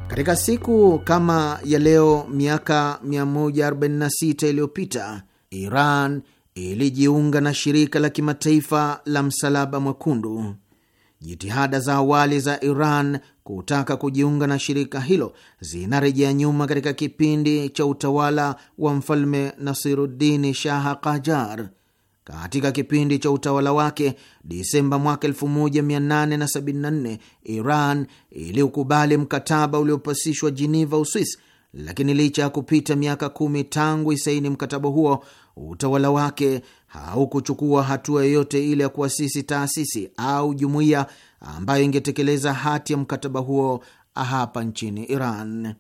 Katika siku kama ya leo miaka 146 iliyopita Iran ilijiunga na shirika la kimataifa la Msalaba Mwekundu. Jitihada za awali za Iran kutaka kujiunga na shirika hilo zinarejea nyuma katika kipindi cha utawala wa mfalme Nasiruddin Shaha Kajar. Katika kipindi cha utawala wake Disemba mwaka 1874 Iran iliukubali mkataba uliopasishwa Jiniva, Uswis, lakini licha ya kupita miaka kumi tangu isaini mkataba huo, utawala wake haukuchukua hatua yoyote ile ya kuasisi taasisi au jumuiya ambayo ingetekeleza hati ya mkataba huo hapa nchini Iran.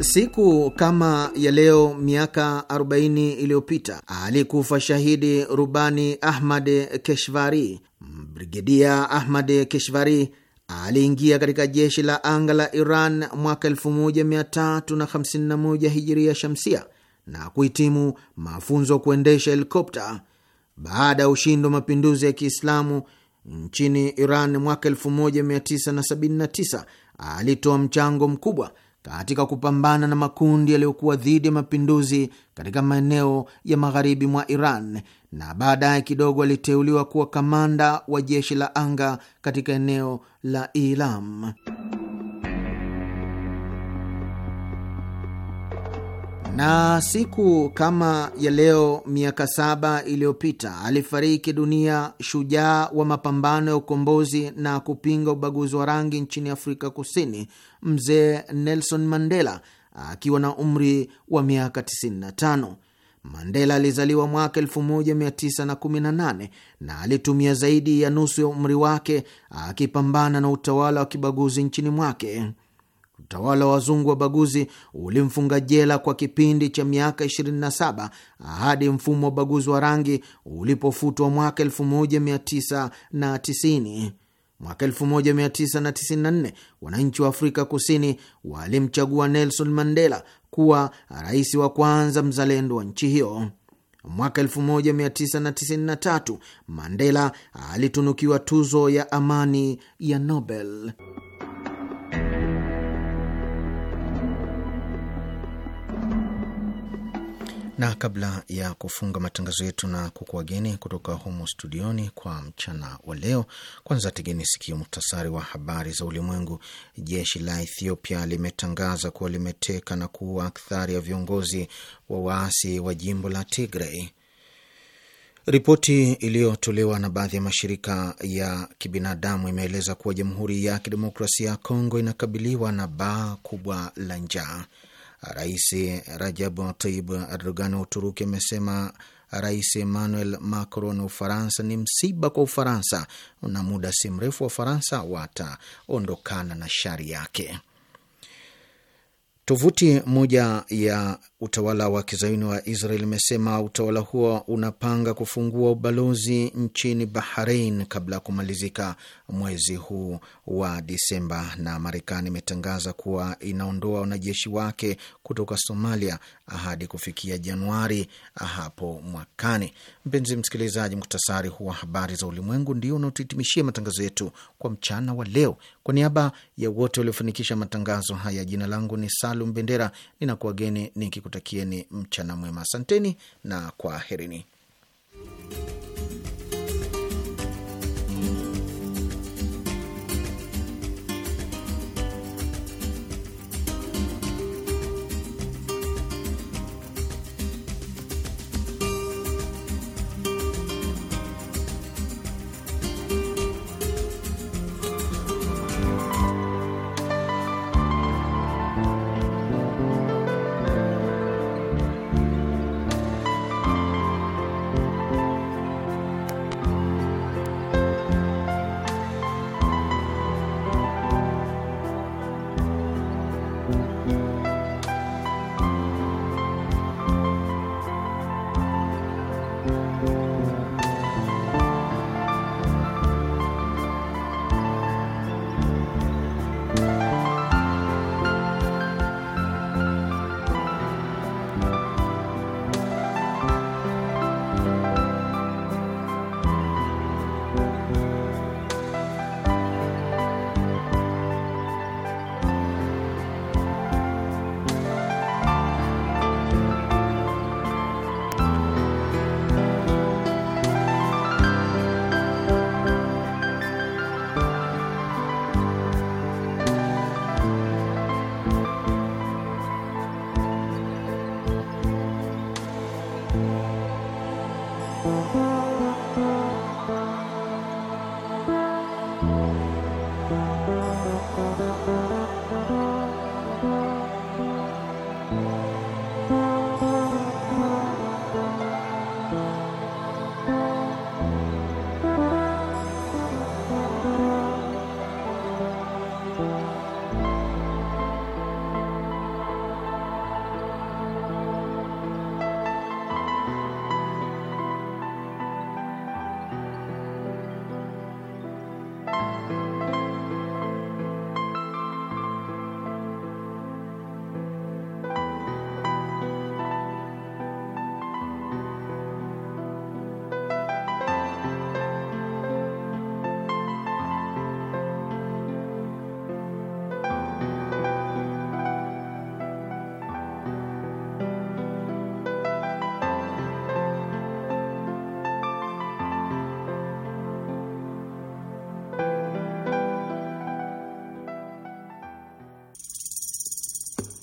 Siku kama ya leo miaka 40 iliyopita alikufa shahidi rubani Ahmad Keshvari, Brigedia Ahmad Keshvari aliingia katika jeshi la anga la Iran mwaka 1351 hijiria shamsia na kuhitimu mafunzo ya kuendesha helikopta baada ya ushindi wa mapinduzi ya Kiislamu nchini Iran mwaka 1979 alitoa mchango mkubwa katika kupambana na makundi yaliyokuwa dhidi ya mapinduzi katika maeneo ya magharibi mwa Iran na baadaye kidogo aliteuliwa kuwa kamanda wa jeshi la anga katika eneo la Ilam. Na siku kama ya leo miaka saba iliyopita alifariki dunia shujaa wa mapambano ya ukombozi na kupinga ubaguzi wa rangi nchini Afrika Kusini, mzee Nelson Mandela akiwa na umri wa miaka 95. Mandela alizaliwa mwaka 1918 na alitumia zaidi ya nusu ya umri wake akipambana na utawala wa kibaguzi nchini mwake. Utawala wa wazungu wa baguzi ulimfunga jela kwa kipindi cha miaka 27 hadi mfumo wa ubaguzi wa rangi ulipofutwa mwaka 1990. Mwaka 1994 wananchi wa Afrika Kusini walimchagua Nelson Mandela kuwa rais wa kwanza mzalendo wa nchi hiyo. Mwaka 1993 Mandela alitunukiwa tuzo ya amani ya Nobel. na kabla ya kufunga matangazo yetu na kukuwageni kutoka humo studioni kwa mchana wa leo, kwanza tegeni sikio muhtasari wa habari za ulimwengu. Jeshi la Ethiopia limetangaza kuwa limeteka na kuua akthari ya viongozi wa waasi wa jimbo la Tigray. Ripoti iliyotolewa na baadhi ya mashirika ya kibinadamu imeeleza kuwa Jamhuri ya Kidemokrasia ya Kongo inakabiliwa na baa kubwa la njaa. Rais Rajab Tayib Erdogan wa Uturuki amesema Rais Emmanuel Macron wa Ufaransa ni msiba kwa Ufaransa na muda si mrefu wa Ufaransa wataondokana na shari yake. Tovuti moja ya utawala wa kizayuni wa Israel imesema utawala huo unapanga kufungua ubalozi nchini Bahrain kabla ya kumalizika mwezi huu wa Disemba, na Marekani imetangaza kuwa inaondoa wanajeshi wake kutoka Somalia hadi kufikia Januari hapo mwakani. Mpenzi msikilizaji, muktasari huwa habari za ulimwengu ndio unaotuhitimishia matangazo yetu kwa mchana wa leo. Kwa niaba ya wote waliofanikisha matangazo haya, jina langu ni Salum Bendera, ninakuwageni nikikutakieni mchana mwema. Asanteni na kwaherini.